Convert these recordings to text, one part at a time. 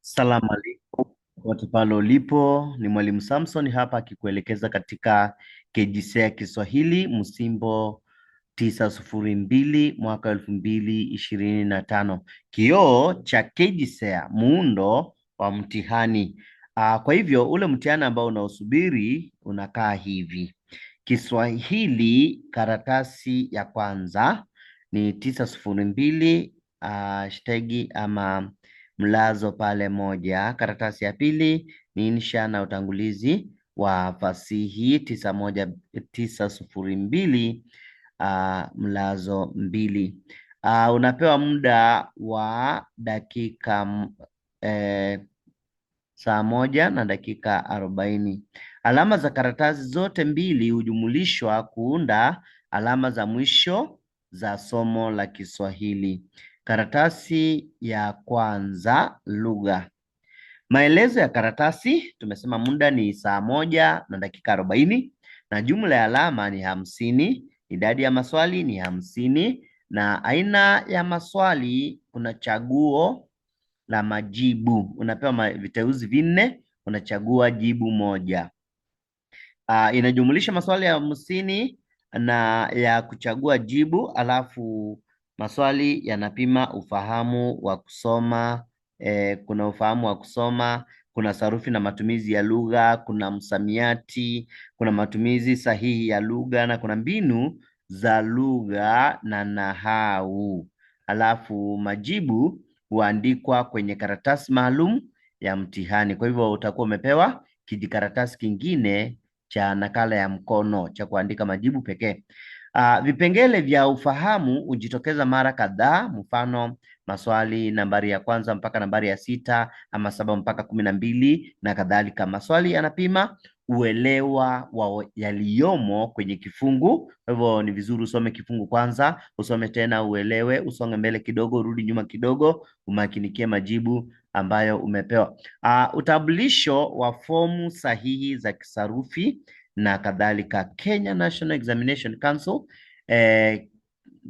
Salamu alaikum popote pale ulipo, ni mwalimu Samson hapa akikuelekeza katika ya Kiswahili msimbo tisa sufuri mbili mwaka elfu mbili ishirini na tano kioo cha KJSEA muundo wa mtihani. Aa, ah, kwa hivyo ule mtihani ambao unaosubiri unakaa hivi: Kiswahili karatasi ya kwanza ni tisa sufuri mbili ah, shtegi ama mlazo pale moja. Karatasi ya pili ni insha na utangulizi wa fasihi tisa moja tisa sufuri mbili uh, mlazo mbili. Uh, unapewa muda wa dakika eh, saa moja na dakika arobaini. Alama za karatasi zote mbili hujumulishwa kuunda alama za mwisho za somo la Kiswahili. Karatasi ya kwanza lugha. Maelezo ya karatasi, tumesema muda ni saa moja na dakika arobaini na jumla ya alama ni hamsini. Idadi ya maswali ni hamsini na aina ya maswali, kuna chaguo la majibu. Unapewa viteuzi vinne, unachagua jibu moja. Uh, inajumulisha maswali ya hamsini na ya kuchagua jibu alafu Maswali yanapima ufahamu wa kusoma eh, kuna ufahamu wa kusoma, kuna sarufi na matumizi ya lugha, kuna msamiati, kuna matumizi sahihi ya lugha na kuna mbinu za lugha na nahau. Alafu majibu huandikwa kwenye karatasi maalum ya mtihani. Kwa hivyo utakuwa umepewa kijikaratasi kingine cha nakala ya mkono cha kuandika majibu pekee. Uh, vipengele vya ufahamu hujitokeza mara kadhaa, mfano maswali nambari ya kwanza mpaka nambari ya sita ama saba mpaka kumi na mbili na kadhalika. Maswali yanapima uelewa wa yaliyomo kwenye kifungu. Kwa hivyo ni vizuri usome kifungu kwanza, usome tena, uelewe, usonge mbele kidogo, urudi nyuma kidogo, umakinikie majibu ambayo umepewa. Uh, utambulisho wa fomu sahihi za kisarufi na kadhalika. Kenya National Examination Council eh,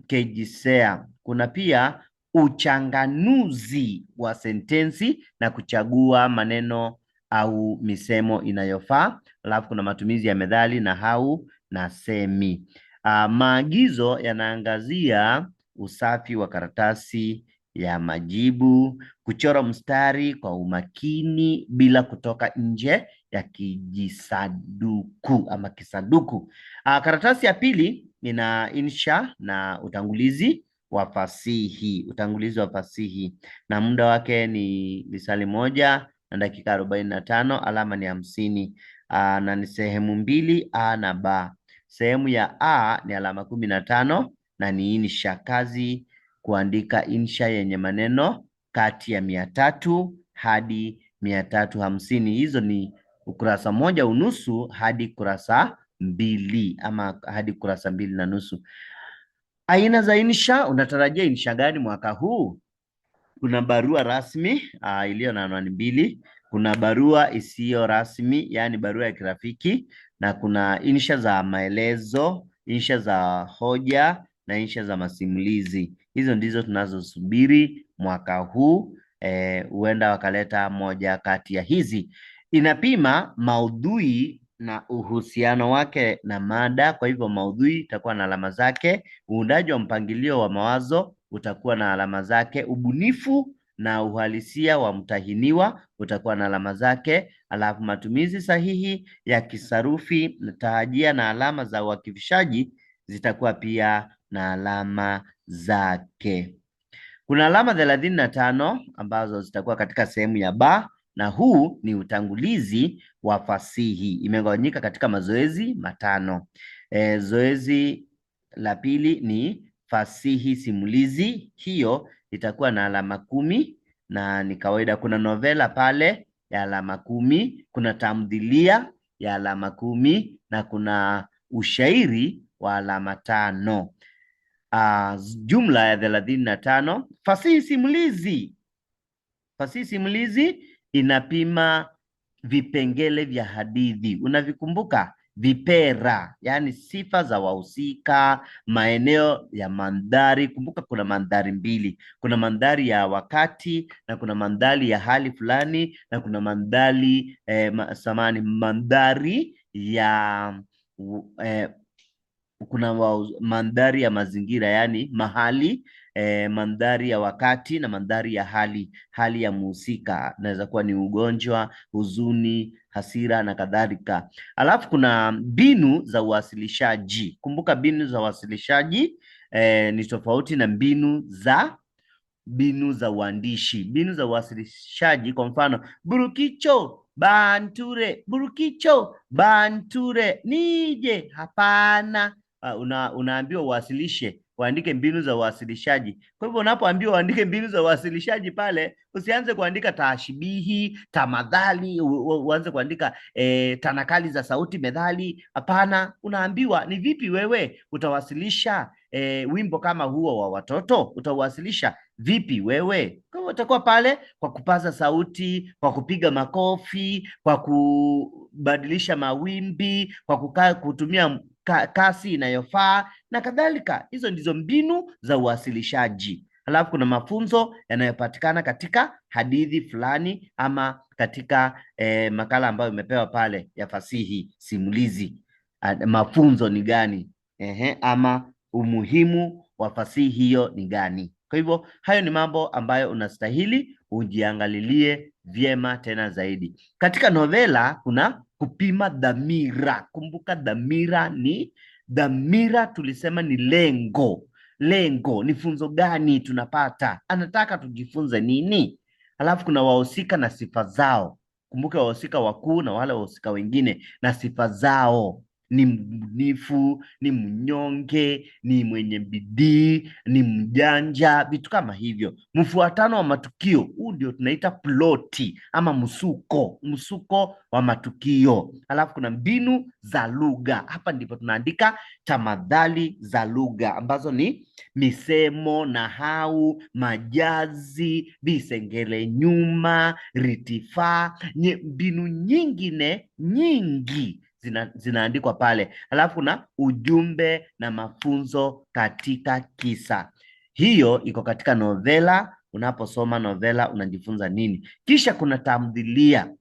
KJSEA. Kuna pia uchanganuzi wa sentensi na kuchagua maneno au misemo inayofaa. Alafu kuna matumizi ya methali na hau na semi. Uh, maagizo yanaangazia usafi wa karatasi ya majibu, kuchora mstari kwa umakini bila kutoka nje ya kijisaduku ama kisaduku. Aa, ah, karatasi ya pili ina insha na utangulizi wa fasihi, utangulizi wa fasihi na muda wake ni lisali moja na dakika arobaini na tano alama ni hamsini ah, na ni sehemu mbili a na ba. Sehemu ya a ni alama kumi na tano na ni insha, kazi kuandika insha yenye maneno kati ya mia tatu hadi mia tatu hamsini. Hizo ni ukurasa moja unusu hadi kurasa mbili ama hadi kurasa mbili na nusu. Aina za insha, unatarajia insha gani mwaka huu? Kuna barua rasmi uh, iliyo na anwani mbili. Kuna barua isiyo rasmi, yaani barua ya kirafiki, na kuna insha za maelezo, insha za hoja na insha za masimulizi. Hizo ndizo tunazosubiri mwaka huu. Eh, huenda eh, wakaleta moja kati ya hizi. Inapima maudhui na uhusiano wake na mada. Kwa hivyo maudhui itakuwa na alama zake, uundaji wa mpangilio wa mawazo utakuwa na alama zake, ubunifu na uhalisia wa mtahiniwa utakuwa na alama zake, alafu matumizi sahihi ya kisarufi na tahajia na alama za uakifishaji zitakuwa pia na alama zake. Kuna alama thelathini na tano ambazo zitakuwa katika sehemu ya ba na huu ni utangulizi wa fasihi. Imegawanyika katika mazoezi matano. E, zoezi la pili ni fasihi simulizi, hiyo itakuwa na alama kumi na ni kawaida. Kuna novela pale ya alama kumi, kuna tamthilia ya alama kumi na kuna ushairi wa alama tano. Uh, jumla ya thelathini na tano. Fasihi simulizi, fasihi simulizi inapima vipengele vya hadithi, unavikumbuka vipera, yaani sifa za wahusika, maeneo ya mandhari. Kumbuka kuna mandhari mbili, kuna mandhari ya wakati na kuna mandhari ya hali fulani na kuna mandhari eh, samani mandhari ya eh, kuna mandhari ya mazingira yani mahali eh, mandhari ya wakati na mandhari ya hali hali ya muhusika inaweza kuwa ni ugonjwa, huzuni, hasira na kadhalika. Alafu kuna mbinu za uwasilishaji. Kumbuka mbinu za uwasilishaji eh, ni tofauti na mbinu za mbinu za uandishi. Mbinu za uwasilishaji, kwa mfano burukicho banture, burukicho banture, nije, hapana uh, una, unaambiwa uwasilishe, waandike mbinu za uwasilishaji. Kwa hivyo unapoambiwa waandike mbinu za uwasilishaji pale, usianze kuandika tashibihi tamadhali, uanze kuandika e, tanakali za sauti, methali. Hapana, unaambiwa ni vipi wewe utawasilisha e, wimbo kama huo wa watoto, utauwasilisha vipi wewe? Kwa hivyo utakuwa pale kwa kupaza sauti, kwa kupiga makofi, kwa kubadilisha mawimbi, kwa kukaa kutumia ka, kasi inayofaa na kadhalika. Hizo ndizo mbinu za uwasilishaji. Halafu kuna mafunzo yanayopatikana katika hadithi fulani ama katika eh, makala ambayo imepewa pale ya fasihi simulizi. Mafunzo ni gani? Ehe, ama umuhimu wa fasihi hiyo ni gani? Kwa hivyo hayo ni mambo ambayo unastahili ujiangalilie vyema tena zaidi. Katika novela kuna kupima dhamira. Kumbuka dhamira ni dhamira, tulisema ni lengo. Lengo ni funzo gani tunapata, anataka tujifunze nini? Alafu kuna wahusika na sifa zao. Kumbuka wahusika wakuu na wale wahusika wengine na sifa zao ni mbunifu, ni mnyonge, ni mwenye bidii, ni mjanja, vitu kama hivyo. Mfuatano wa matukio huu ndio tunaita ploti ama msuko, msuko wa matukio. Alafu kuna mbinu za lugha. Hapa ndipo tunaandika tamadhali za lugha ambazo ni misemo, nahau, majazi, visengele nyuma, ritifaa, mbinu nyingine nyingi zina, zinaandikwa pale, alafu na ujumbe na mafunzo katika kisa. Hiyo iko katika novela. Unaposoma novela unajifunza nini? Kisha kuna tamthilia.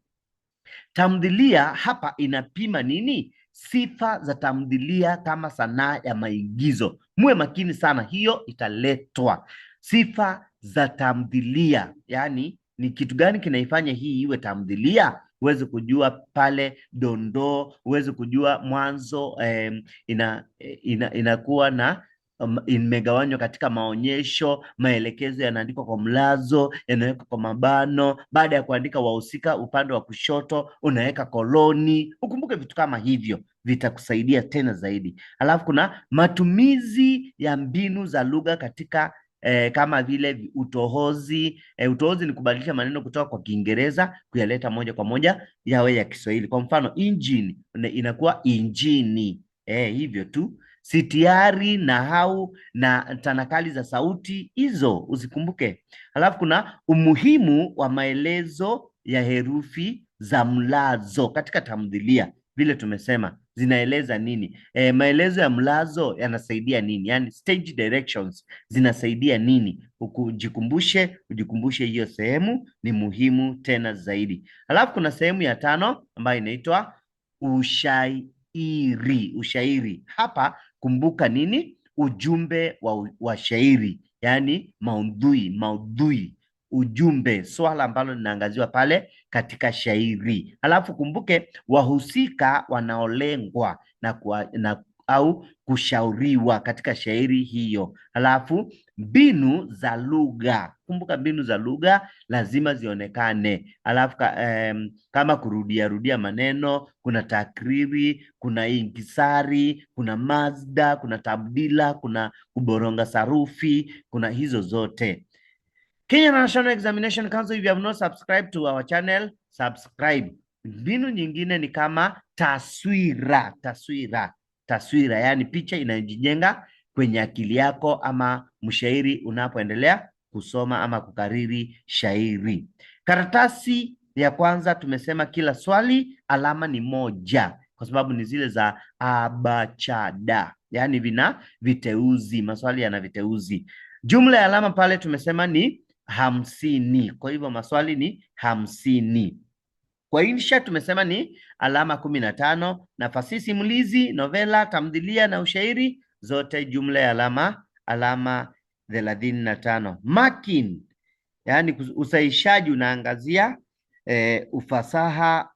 Tamthilia hapa inapima nini? Sifa za tamthilia kama sanaa ya maigizo. Muwe makini sana, hiyo italetwa. Sifa za tamthilia, yaani ni kitu gani kinaifanya hii iwe tamthilia? huwezi kujua pale dondoo, huwezi kujua mwanzo eh, ina, ina, inakuwa na um, imegawanywa katika maonyesho, maelekezo yanaandikwa kwa mlazo, yanawekwa kwa mabano. Baada ya kuandika wahusika, upande wa kushoto unaweka koloni. Ukumbuke vitu kama hivyo vitakusaidia tena zaidi. Alafu kuna matumizi ya mbinu za lugha katika e, kama vile utohozi. E, utohozi ni kubadilisha maneno kutoka kwa Kiingereza kuyaleta moja kwa moja yawe ya Kiswahili. Kwa mfano injini inakuwa injini. E, hivyo tu sitiari na hau na tanakali za sauti hizo uzikumbuke Halafu kuna umuhimu wa maelezo ya herufi za mlazo katika tamthilia, vile tumesema zinaeleza nini? E, maelezo ya mlazo yanasaidia nini? Yani stage directions zinasaidia nini? Ukujikumbushe, ujikumbushe hiyo sehemu ni muhimu tena zaidi. Alafu kuna sehemu ya tano ambayo inaitwa ushairi. Ushairi hapa kumbuka nini? Ujumbe wa, wa shairi, yani maudhui maudhui ujumbe, swala ambalo linaangaziwa pale katika shairi. Alafu kumbuke wahusika wanaolengwa na, kwa, na au kushauriwa katika shairi hiyo. Alafu mbinu za lugha, kumbuka mbinu za lugha lazima zionekane. Alafu um, kama kurudia rudia maneno, kuna takriri, kuna inkisari, kuna mazda, kuna tabdila, kuna kuboronga sarufi, kuna hizo zote. Kenya National Examination Council, if you have not subscribed to our channel, subscribe. Mbinu nyingine ni kama taswira, taswira, taswira, yaani picha inayojijenga kwenye akili yako ama mshairi unapoendelea kusoma ama kukariri shairi. Karatasi ya kwanza tumesema kila swali alama ni moja kwa sababu ni zile za abachada, yaani vina viteuzi, maswali yana viteuzi. Jumla ya alama pale tumesema ni hamsini. Kwa hivyo maswali ni hamsini. Kwa insha tumesema ni alama kumi na tano. Na simulizi, novela, tamthilia na ushairi zote jumla ya alama alama thelathini na tano. Makin yaani usahishaji unaangazia e, ufasaha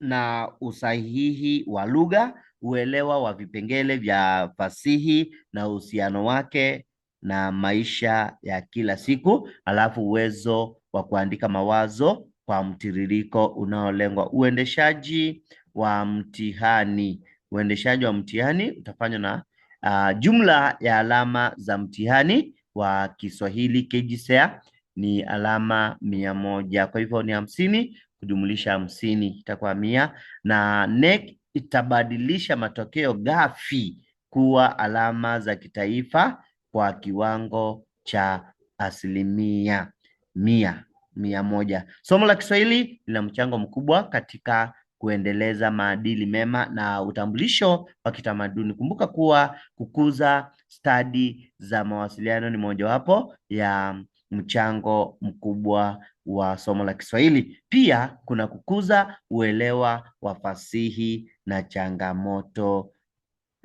na usahihi wa lugha, uelewa wa vipengele vya fasihi na uhusiano wake na maisha ya kila siku, alafu uwezo wa kuandika mawazo kwa mtiririko unaolengwa. Uendeshaji wa mtihani, uendeshaji wa mtihani utafanywa na uh, jumla ya alama za mtihani wa Kiswahili KJSEA ni alama mia moja. Kwa hivyo ni hamsini kujumlisha hamsini itakuwa mia, na NEC itabadilisha matokeo ghafi kuwa alama za kitaifa kwa kiwango cha asilimia mia mia moja. Somo la Kiswahili lina mchango mkubwa katika kuendeleza maadili mema na utambulisho wa kitamaduni. Kumbuka kuwa kukuza stadi za mawasiliano ni mojawapo ya mchango mkubwa wa somo la Kiswahili. Pia kuna kukuza uelewa wa fasihi na changamoto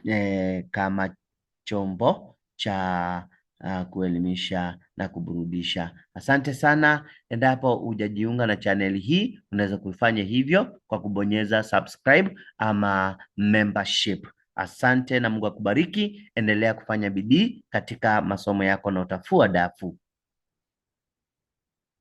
eh, kama chombo cha uh, kuelimisha na kuburudisha. Asante sana. Endapo hujajiunga na channel hii, unaweza kufanya hivyo kwa kubonyeza subscribe ama membership. Asante na Mungu akubariki. Endelea kufanya bidii katika masomo yako na utafua dafu.